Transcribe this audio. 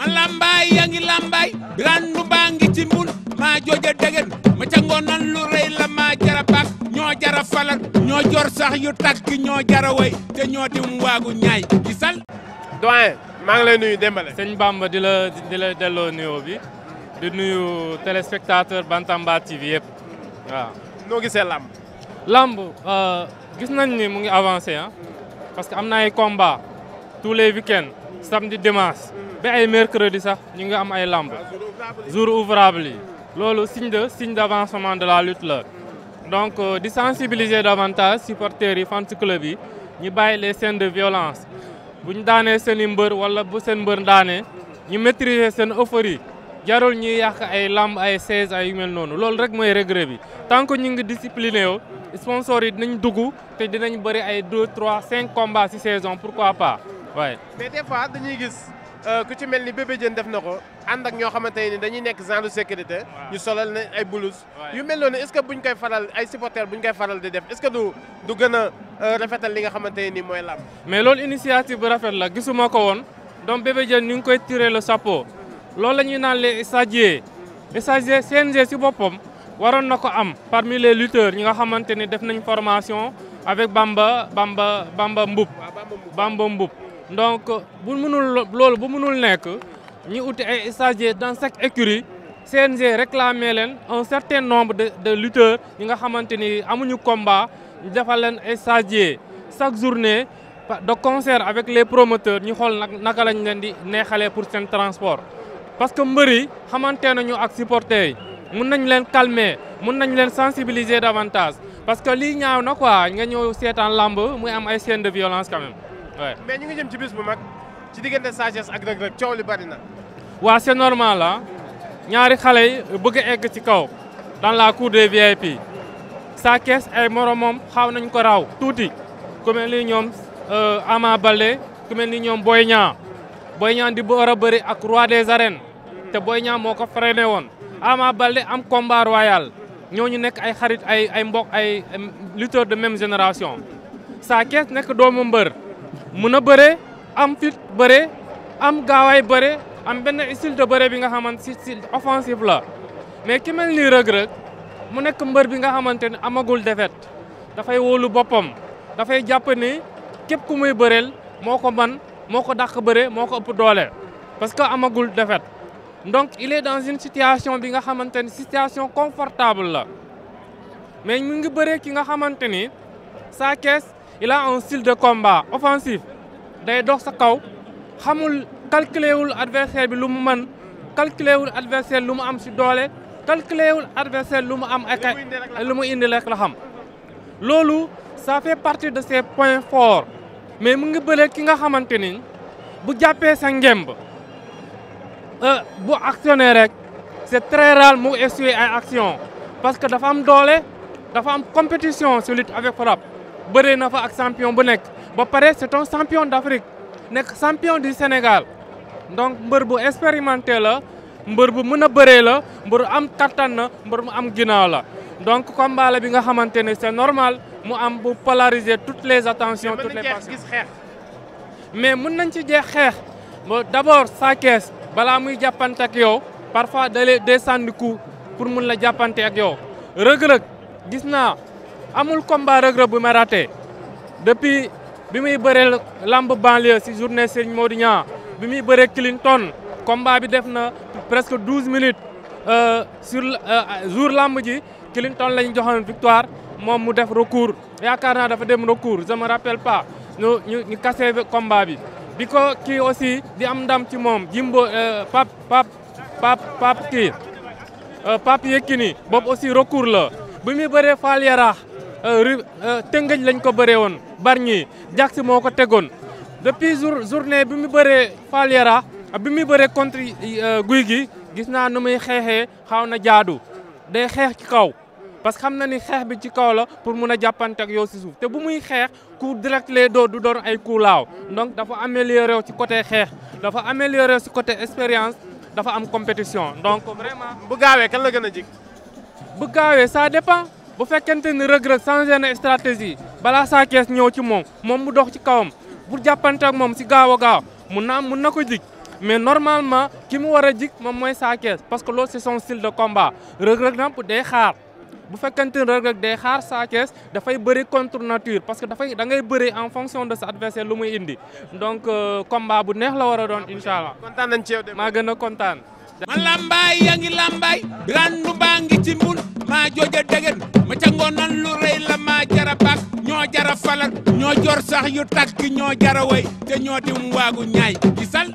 ma lambaay yaa ngi lambaay randu baa ngi ci mbul maa jooja degen ma ca ngoonan lu rëy la maa jara baax ñoo jara falak ñoo jor sax yu takk ñoo jara way te ñoo di waagu ñaay gisal doyen maa ngi lay nuyu Dembélé sëñ Bamba di la di la delloo nuyoo bi di nuyu téléspectateur Bantamba TV yëpp waaw noo gisee lamb lamb euh, gis nañ ni mu ngi avancé ah parce que am na ay combat tous les week samedi dimanche ba ay mercredi sax ñu ngi am ay lamb jour ouvrable yi loolu signe de signe d' avancement de la lutte la donc euh, di sensibiliser davantage supporters yi fans club yi ñu bàyyi seen scènes de violence bu ñu daanee seen i mbër wala bu seen mbër daanee ñi maîtriser seen euphorie jarul ñuy yàq ay làmb ay seize ay yu mel noonu loolu rek mooy regret bi tant que ñu ngi discipliné yo sponsors yi dinañ dugg te dinañ bëri ay deux trois cinq combats si saison pourquoi pas waaye. mais des Euh, ku ci mel ni bébé def na ko ànd ak ñoo xamante ni dañuy nekk genre sécurité ñu solal nañ ay blouse yu mel noonu est que buñ koy faral ay supporters buñ koy faral di def est que du du gën a euh, rafetal li nga xamante ni mooy làmb mais loolu initiative bu rafet la gisuma ko woon donc bébé jën ñu ngi koy tirer le chapeau loolu la ñuy naan les stagiaires stagiaires CNG si boppam waroon na ko am parmi le lutteurs ñi nga xamante ni def nañ formation avec Bamba Bamba Bamba Mboup Bamba Mboup donc bu mënul loolu bu mënul nekk ñi uti ay stagiaires dans chaque écurie CNG réclamé leen un certain nombre de de lutteurs ñi nga xamante ni amuñu combat ñu defal leen ay stagiaires chaque journée de concert avec les promoteur ñu xool nag naka lañ leen di neexalee pour seen transport. parce que mbër yi xamante nañu ak supporters yi mun nañ leen calmer mun nañ leen sensibiliser davantage parce que lii ñaaw na quoi nga ñëw seetaan làmb muy am ay scènes de violence quand mais ñu ngi jëm ci bis bu mag ci diggante sagesse ak rëg-rëg coow li bari na. waaw c'est normal ah ñaari xale yi bëgg egg ci kaw dans la cour des VIP Sa Thiès ay moromam xaw nañu ko raw tuuti ku mel ñoom euh, Ama Baldé ku mel ni ñoom booy ñaa booy Niang di war a bëri ak roi des arènes te Boy Niang moo ko freiné woon Ama Baldé am combat royal ñooñu nekk ay xarit ay ay mbokk ay lutteurs de même génération Sa Thiès nekk doomu mbër. mun a bëre am fit bëre am gaawaay bëre am benn style de bëre bi nga xamante si style offensive mais ki mel ni mu nekk mbër bi nga xamante ne amagul défaite dafay wóolu boppam dafay jàpp ni képp ku muy bëreel moo ko man moo ko dàq bëre moo ko ëpp doole parce que amagul défaite donc il est dans une situation bi nga xamante ni situation confortable la mais mu ngi bëree ki nga xamante ni saa il a un style de combat offensif day dox sa kaw xamul calculer wul adversaire bi lu mu mën calculer wul adversaire lu mu am si doole calculer wul adversaire lu mu am ak lu mu indi rek la xam loolu ça fait partie de ses points forts mais mu ngi bëre ki nga xamante ni bu jàppee sa ngemb euh, bu actionné rek c'est très rare mu essuyer ay action parce que dafa am doole dafa am compétition sur lutte avec frappe bëree na fa ak champion bu nekk ba pare c'est un champion nekk champion di Sénégal donc mbër bu expérimenté la mbër bu mën a bëree la mbër am kattan mbër mu am ginnaaw la donc combat la bi nga xamante ne c'est normal mu am bu polariser toutes les attentions toutes les passions mais mun nañ ci jeex xeex ba d'abord saa kees balaa muy jàppante ak yow parfois da lay descendre coup pour mun la jàppante ak yow rëg gis naa amul combat Reug bu ma depuis bi muy bëree lamb banlieue si journée Serigne Modou Niang bi muy bëree Clinton combat bi def na presque douze minutes euh, sur euh, jour làmb ji Clinton la ñu joxoon victoire moom mu def recours yaakaar naa dafa dem recours je me pa pas ñu ñu ñu casé bi. di ko kii aussi di am ndam ci moom Jimbo pap euh, pap pap pap kii Pape Yekini boobu aussi recours la bi muy bëree Fall Yaraax Euh, euh, tëngëj lañ ko bëree woon Bargny jàk si moo ko tegoon depuis jour journée bi mu bëree Faliara bi mu bëree contre euh, guy gi gis naa nu muy xeexee xaw na jaadu day xeex ci kaw parce que xam na ni xeex bi ci kaw la pour mun a jàppante ak yow si suuf te bu muy xeex coup direct lay doo du doon ay coup laaw donc dafa amélioré ci côté xeex dafa amélioré si côté expérience dafa am compétition donc vraiment bu gaawee kan la gën a bu gaawee ça dépend bu fekkente ni Reug Reug changé na stratégie balaa Sa ñëw ci moom moom mu dox ci kawam bu jàppante ak moom si gaaw a gaaw mun naa mun na ko jig mais normalement ki mu war a jig moom mooy Sa parce que loo c'est son style de combat Reug Reug nag day xaar bu fekkente ni Reug Reug day xaar Sa dafay bëri contre nature parce que dafay da ngay bëri en fonction de sa adversaire lu muy indi donc euh, combat bu neex la war a doon incha allah. kontaan nañ ci yow maa gën a kontaan. ma lambaay ngonal lu rëy la maa jara bàkk ñoo jara falal ñoo jor sax yu takk ñoo jara way te ñoo dim waagu ñaay gisal